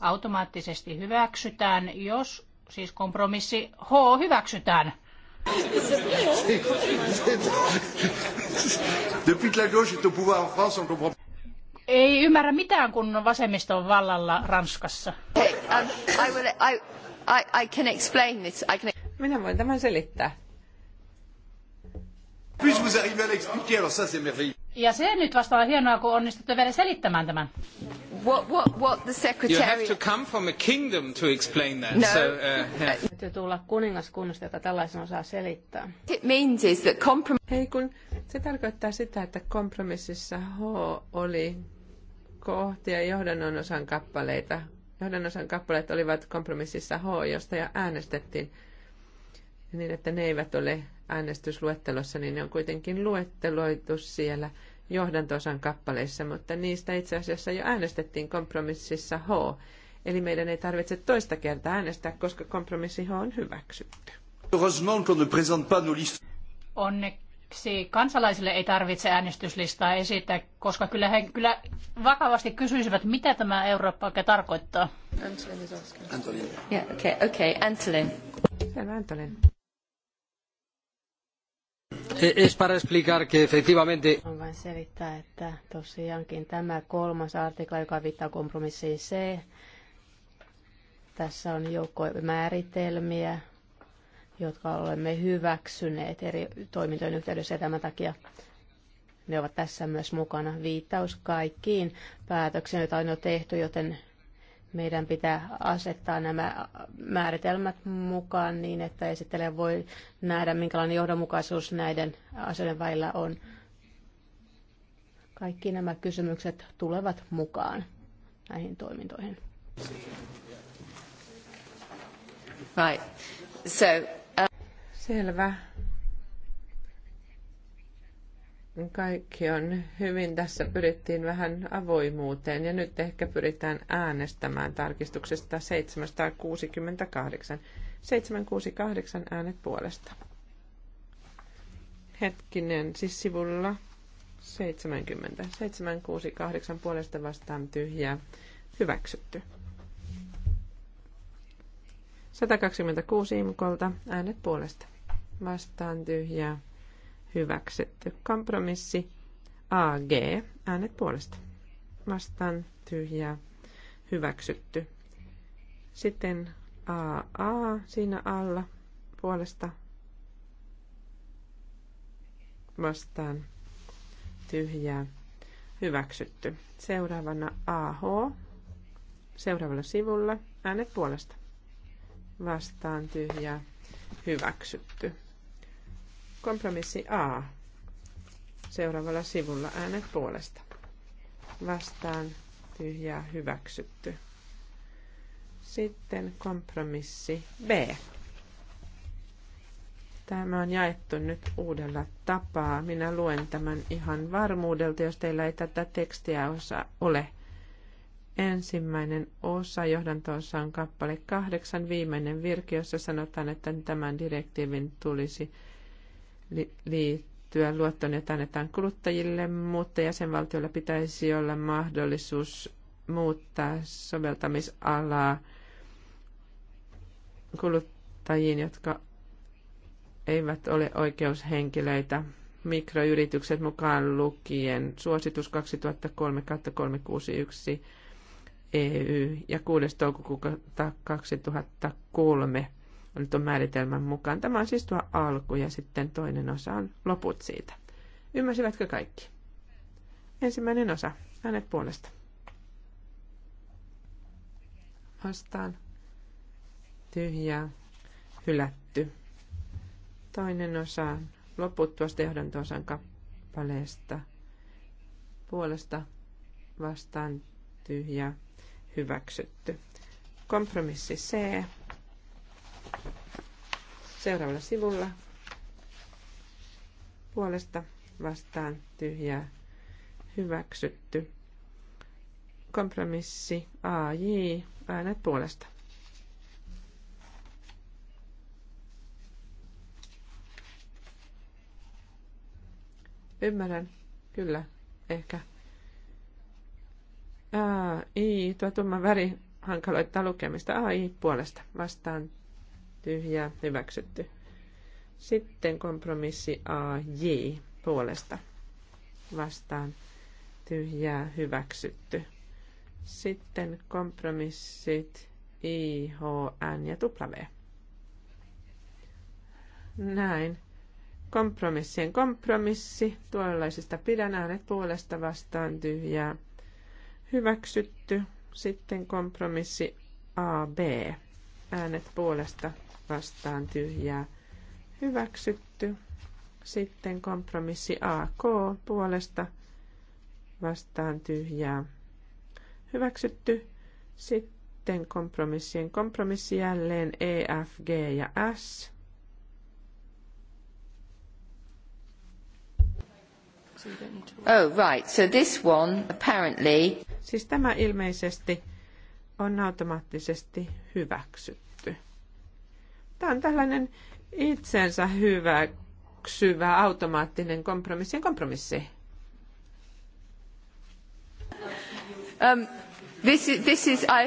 Speaker 1: automaattisesti hyväksytään, jos siis kompromissi H hyväksytään.
Speaker 3: Depuis que la gauche est au pouvoir en France, on comprend
Speaker 1: ei ymmärrä mitään, kun vasemmisto on vallalla Ranskassa. Um, I can explain this. Minä voin tämän selittää. Plus vous arrivez à l'expliquer, alors ça c'est merveilleux. Ja se nyt vasta on hienoa, kun onnistutte vielä selittämään tämän. What, what, what the secretary... You have to
Speaker 3: come from a kingdom to explain that. No. So, uh, yeah.
Speaker 1: tulla kuningaskunnasta,
Speaker 2: jota tällaisen osaa selittää.
Speaker 3: It means is that comprom- Hei, kun se tarkoittaa sitä, että kompromississa H oli kohtia johdannon osan kappaleita. Johdannon osan kappaleet olivat kompromississa H, josta ja äänestettiin niin, että ne eivät ole äänestysluettelossa, niin ne on kuitenkin luetteloitu siellä johdantosan kappaleissa, mutta niistä itse asiassa jo äänestettiin kompromississa H. Eli meidän ei tarvitse toista kertaa äänestää, koska kompromissi H on hyväksytty.
Speaker 1: Onneksi kansalaisille ei tarvitse äänestyslistaa esittää, koska kyllä he kyllä vakavasti kysyisivät, mitä tämä Eurooppa oikein tarkoittaa.
Speaker 3: Antolin. Yeah, okay, okay. Antolin. Selvä, Antolin. Eh, es para explicar que efectivamente...
Speaker 2: On vain selittää, että tosiaankin tämä kolmas artikla, joka viittaa kompromissiin C, tässä on joukko määritelmiä, jotka olemme hyväksyneet eri toimintojen yhteydessä ja tämän takia ne ovat tässä myös mukana. Viittaus kaikkiin päätöksiin, joita on jo tehty, joten meidän pitää asettaa nämä määritelmät mukaan niin, että esittelijä voi nähdä, minkälainen johdonmukaisuus näiden asioiden välillä on. Kaikki nämä kysymykset tulevat mukaan näihin toimintoihin.
Speaker 3: Right. So, uh... Selvä. Kaikki on hyvin. Tässä pyrittiin vähän avoimuuteen ja nyt ehkä pyritään äänestämään tarkistuksesta 768. 768 äänet puolesta. Hetkinen, siis sivulla 70. 768 puolesta vastaan tyhjää. Hyväksytty. 126 imkolta äänet puolesta. Vastaan tyhjää hyväksytty. Kompromissi AG, äänet puolesta. Vastaan tyhjää, hyväksytty. Sitten AA siinä alla puolesta vastaan tyhjää, hyväksytty. Seuraavana AH, seuraavalla sivulla äänet puolesta vastaan tyhjää, hyväksytty. Kompromissi A. Seuraavalla sivulla äänet puolesta. Vastaan tyhjää hyväksytty. Sitten kompromissi B. Tämä on jaettu nyt uudella tapaa. Minä luen tämän ihan varmuudelta, jos teillä ei tätä tekstiä osa ole. Ensimmäinen osa johdantoossa on kappale kahdeksan, viimeinen virke, jossa sanotaan, että tämän direktiivin tulisi liittyä luottoon, jota annetaan kuluttajille, mutta jäsenvaltioilla pitäisi olla mahdollisuus muuttaa soveltamisalaa kuluttajiin, jotka eivät ole oikeushenkilöitä. Mikroyritykset mukaan lukien suositus 2003-361 EU ja 6. toukokuuta 2003 on tuon määritelmän mukaan. Tämä on siis tuo alku ja sitten toinen osa on loput siitä. Ymmärsivätkö kaikki? Ensimmäinen osa. Äänet puolesta. Vastaan. Tyhjä. Hylätty. Toinen osa. Loput tuosta johdanto kappaleesta. Puolesta. Vastaan. tyhjä Hyväksytty. Kompromissi C Seuraavalla sivulla puolesta vastaan tyhjää hyväksytty. Kompromissi AJ, äänet puolesta. Ymmärrän, kyllä, ehkä. AI, tuo tumma väri hankaloittaa lukemista. AI puolesta vastaan tyhjä hyväksytty. Sitten kompromissi a J, puolesta vastaan tyhjää, hyväksytty. Sitten kompromissit I, H, N ja W. Näin. Kompromissien kompromissi. Tuollaisista pidän äänet puolesta vastaan tyhjää. Hyväksytty. Sitten kompromissi a b Äänet puolesta vastaan tyhjää hyväksytty. Sitten kompromissi AK puolesta vastaan tyhjää hyväksytty. Sitten kompromissien kompromissi jälleen E, F, G ja S. Oh, right. So this one apparently... Siis tämä ilmeisesti on automaattisesti hyväksytty. Tämä on tällainen itsensä hyväksyvä automaattinen kompromissin kompromissi. Um, this is, this is I,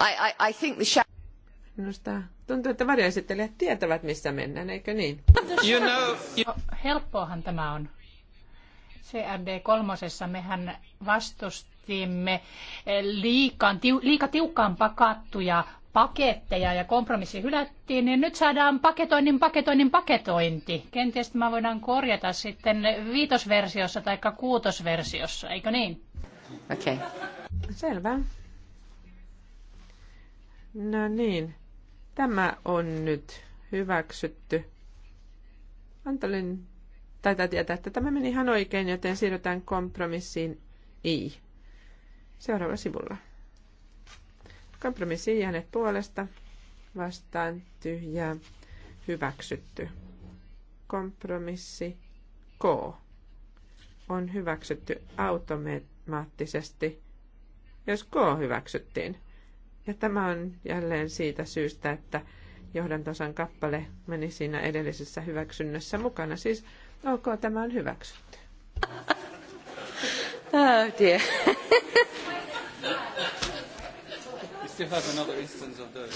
Speaker 3: I, I, I think the shadow... Minusta tuntuu, että varjoesittelijät tietävät, missä mennään, eikö niin? You know, you...
Speaker 1: No, helppoahan tämä on. CRD kolmosessa mehän vastustamme äänestimme liikan, liika tiukkaan pakattuja paketteja ja kompromissi hylättiin, niin nyt saadaan paketoinnin, paketoinnin, paketointi. Kenties tämä voidaan korjata sitten viitosversiossa tai kuutosversiossa, eikö niin?
Speaker 3: Okei. Okay. Selvä. No niin, tämä on nyt hyväksytty. Antolin taitaa tietää, että tämä meni ihan oikein, joten siirrytään kompromissiin I seuraava sivulla. Kompromissi jääneet puolesta vastaan tyhjä, hyväksytty. Kompromissi K on hyväksytty automaattisesti, jos K hyväksyttiin. Ja tämä on jälleen siitä syystä, että johdantosan kappale meni siinä edellisessä hyväksynnässä mukana. Siis ok, tämä on hyväksytty. Oh dear. you have another instance of those.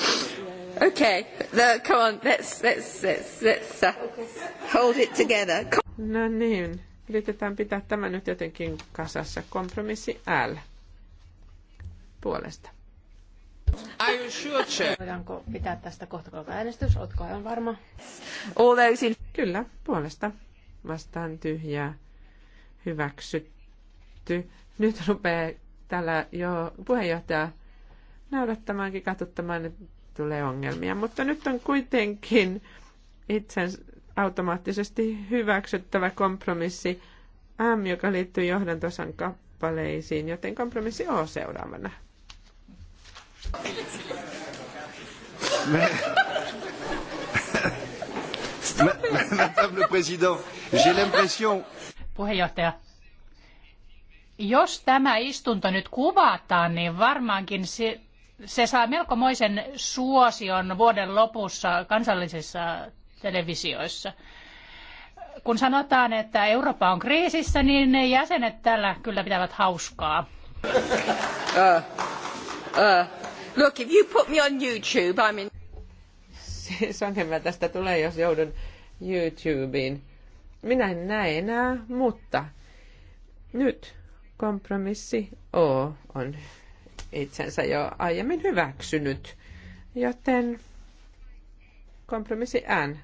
Speaker 3: Okay, the, come on, let's, let's, let's, let's uh, hold it together. No niin, yritetään pitää tämä nyt jotenkin kasassa. Kompromissi L puolesta. Are you sure, Chair? Voidaanko
Speaker 2: pitää tästä kohta äänestys? Oletko aivan varma?
Speaker 3: All those in... Kyllä, puolesta. Vastaan tyhjää. Hyväksytty. Nyt rupeaa täällä jo puheenjohtaja naurattamaankin, katsottamaan, että tulee ongelmia. Mutta nyt on kuitenkin itsensä automaattisesti hyväksyttävä kompromissi M, joka liittyy johdantosan kappaleisiin, joten kompromissi on seuraavana. Madame le Président, j'ai l'impression...
Speaker 1: Puheenjohtaja, jos tämä istunto nyt kuvataan, niin varmaankin se se saa melkomoisen suosion vuoden lopussa kansallisissa televisioissa. Kun sanotaan, että Eurooppa on kriisissä, niin ne jäsenet täällä kyllä pitävät hauskaa.
Speaker 3: Uh, uh, look, if you put me on YouTube, I mean... tästä tulee, jos joudun YouTubeen. Minä en näe enää, mutta nyt kompromissi O on itsensä jo aiemmin hyväksynyt. Joten kompromissi N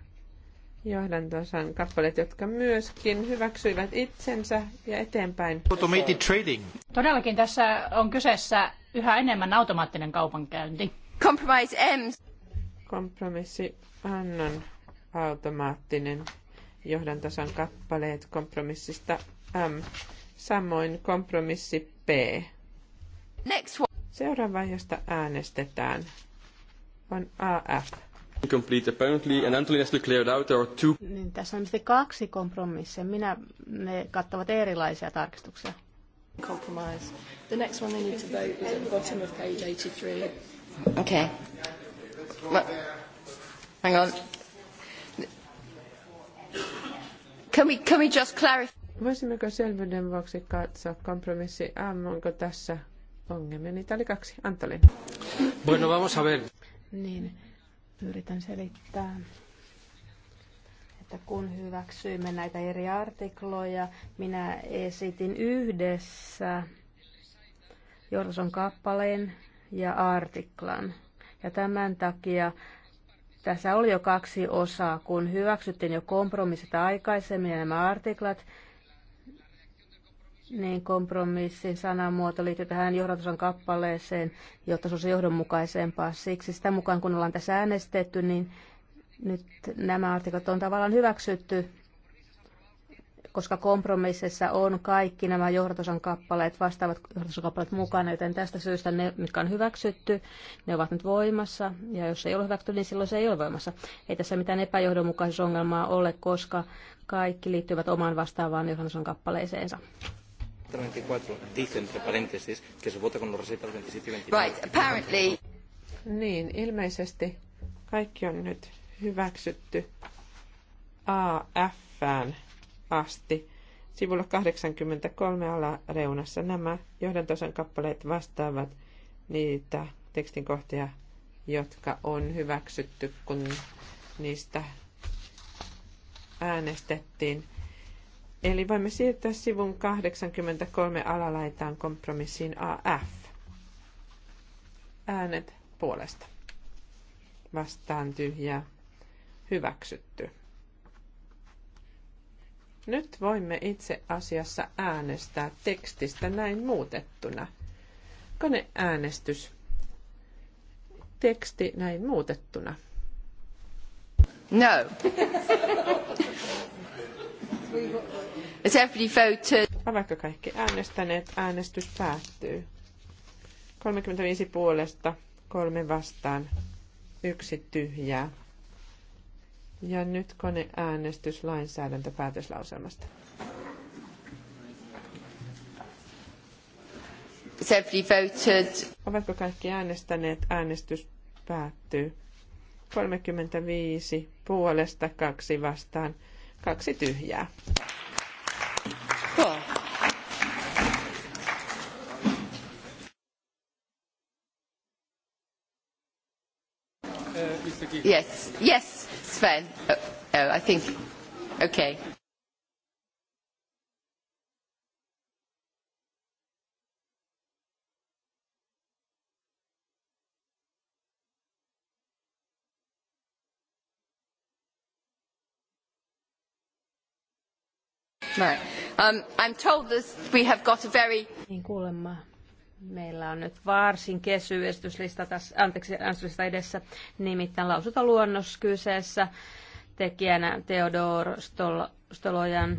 Speaker 3: johdantosan kappaleet, jotka myöskin hyväksyivät itsensä ja eteenpäin. Automated trading. Todellakin
Speaker 1: tässä on kyseessä yhä enemmän automaattinen kaupankäynti. Compromise M.
Speaker 3: Kompromissi on automaattinen johdantosan kappaleet kompromissista M. Samoin kompromissi P. Next one. Seuraava, josta äänestetään, on AF.
Speaker 2: Incomplete apparently, and Antolin has cleared out there are two...
Speaker 3: Niin, tässä on sitten kaksi
Speaker 2: kompromissia. Minä, ne kattavat erilaisia tarkistuksia. Compromise. The next one they need to vote is at the bottom of page 83. Okay. Well,
Speaker 3: hang on. Can we, can we just clarify? Voisimmeko selvyyden vuoksi katsoa kompromissi M, onko tässä ongelmia. Niitä oli kaksi. Antoli. Bueno, vamos a ver. Niin, yritän selittää että kun hyväksyimme
Speaker 2: näitä eri artikloja, minä esitin yhdessä Jorson kappaleen ja artiklan. Ja tämän takia tässä oli jo kaksi osaa, kun hyväksyttiin jo kompromissit aikaisemmin ja nämä artiklat, niin kompromissin sanamuoto liittyy tähän johdatusan kappaleeseen, jotta se olisi johdonmukaisempaa. Siksi sitä mukaan, kun ollaan tässä äänestetty, niin nyt nämä artikot on tavallaan hyväksytty, koska kompromississa on kaikki nämä johdatusan kappaleet, vastaavat johdatusan kappaleet mukana, joten tästä syystä ne, mitkä on hyväksytty, ne ovat nyt voimassa, ja jos ei ole hyväksytty, niin silloin se ei ole voimassa. Ei tässä mitään epäjohdonmukaisuusongelmaa ole, koska kaikki liittyvät omaan vastaavaan johdatusan kappaleeseensa.
Speaker 3: 24 dice entre paréntesis que se vota con los recetas 27 y 29. Right, apparently. Niin, ilmeisesti kaikki on nyt hyväksytty AFään asti. Sivulla 83 alareunassa nämä johdantosan kappaleet vastaavat niitä tekstin kohtia, jotka on hyväksytty, kun niistä äänestettiin. Eli voimme siirtää sivun 83 alalaitaan kompromissiin AF. Äänet puolesta. Vastaan tyhjää. Hyväksytty. Nyt voimme itse asiassa äänestää tekstistä näin muutettuna. Koneäänestys. Teksti näin muutettuna. No. Has everybody voted? Ovatko kaikki äänestäneet? Äänestys päättyy. 35 puolesta, kolme vastaan, yksi tyhjää. Ja nyt koneäänestys lainsäädäntöpäätöslauselmasta. Has everybody voted? Ovatko kaikki äänestäneet? Äänestys päättyy. 35 puolesta, kaksi vastaan, kaksi tyhjää. Yes, yes,
Speaker 1: Sven. Oh, oh I think, okay. Right. Um, I'm told that we have got a very...
Speaker 2: Niin kuulemma Meillä on nyt varsin kesy esityslista tässä, anteeksi, äänestyslista edessä, nimittäin lausutaluonnos kyseessä tekijänä Theodor Stol- Stolojan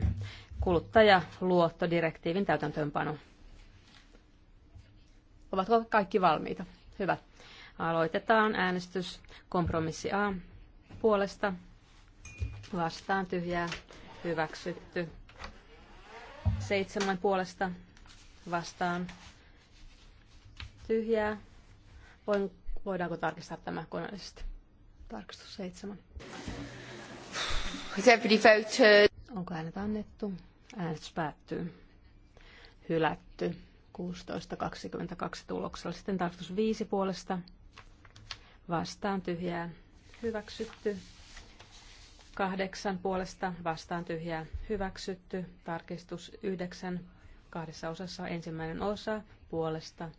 Speaker 2: kuluttajaluottodirektiivin täytäntöönpano. Ovatko kaikki valmiita? Hyvä. Aloitetaan äänestys kompromissi A puolesta. Vastaan tyhjää. Hyväksytty. Seitsemän puolesta vastaan tyhjää. Voin, voidaanko tarkistaa tämä koneellisesti? Tarkistus seitsemän. Onko äänet annettu? Äänestys päättyy. Hylätty. 16.22 tuloksella. Sitten tarkistus viisi puolesta. Vastaan tyhjää. Hyväksytty. Kahdeksan puolesta vastaan tyhjää hyväksytty. Tarkistus yhdeksän kahdessa osassa ensimmäinen osa puolesta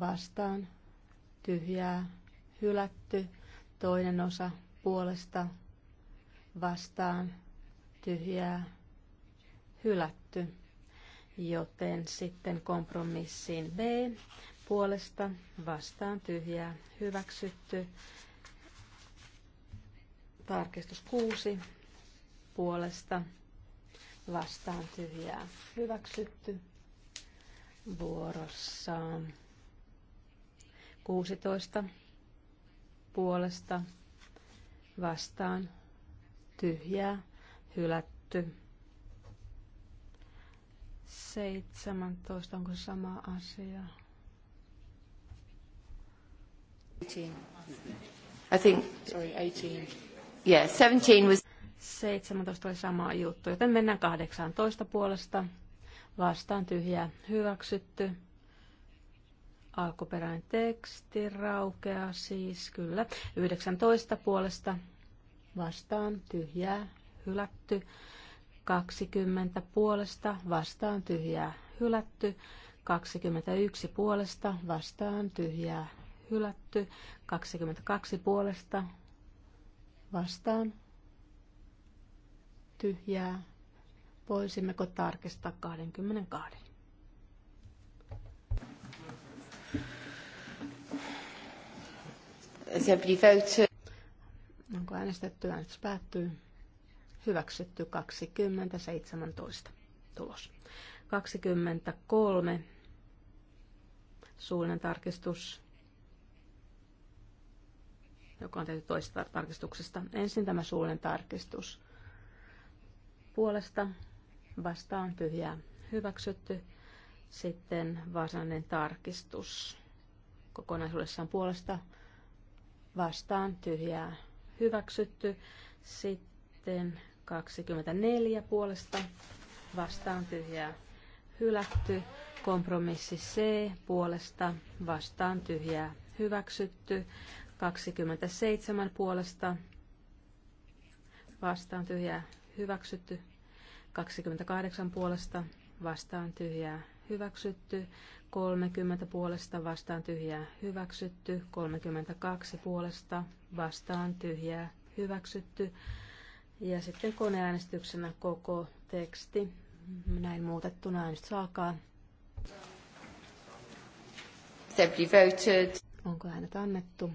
Speaker 2: vastaan, tyhjää, hylätty, toinen osa puolesta, vastaan, tyhjää, hylätty. Joten sitten kompromissiin B puolesta, vastaan, tyhjää, hyväksytty. Tarkistus 6 puolesta, vastaan, tyhjää, hyväksytty. Vuorossa 16 puolesta vastaan tyhjää hylätty. 17, onko sama asia? I think, sorry, 18. Yeah, 17 was... 17 oli sama juttu, joten mennään 18 puolesta. Vastaan tyhjää hyväksytty. Alkuperäinen teksti raukeaa siis, kyllä. 19 puolesta vastaan tyhjää, hylätty. 20 puolesta vastaan tyhjää, hylätty. 21 puolesta vastaan tyhjää, hylätty. 22 puolesta vastaan tyhjää. Voisimmeko tarkistaa 22? Assembly vote. Onko äänestetty? Äänestys päättyy. Hyväksytty 2017 tulos. 23 suullinen tarkistus, joka on tehty toisesta tarkistuksesta. Ensin tämä suullinen tarkistus. Puolesta vastaan tyhjää hyväksytty. Sitten varsinainen tarkistus kokonaisuudessaan puolesta vastaan tyhjää hyväksytty. Sitten 24 puolesta vastaan tyhjää hylätty. Kompromissi C puolesta vastaan tyhjää hyväksytty. 27 puolesta vastaan tyhjää hyväksytty. 28 puolesta vastaan tyhjää hyväksytty, 30 puolesta vastaan tyhjää hyväksytty, 32 puolesta vastaan tyhjää hyväksytty. Ja sitten koneäänestyksenä koko teksti. Näin muutettuna äänestys alkaa. Onko äänet annettu?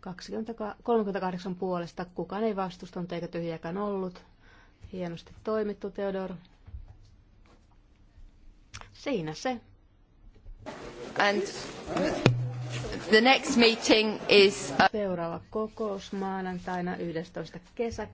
Speaker 2: 20, 38 puolesta. Kukaan ei vastustanut eikä tyhjäkään ollut. Hienosti toimittu, Theodor. Siinä se. And the next meeting is... Uh, Seuraava kokous maanantaina 11. kesäkuuta.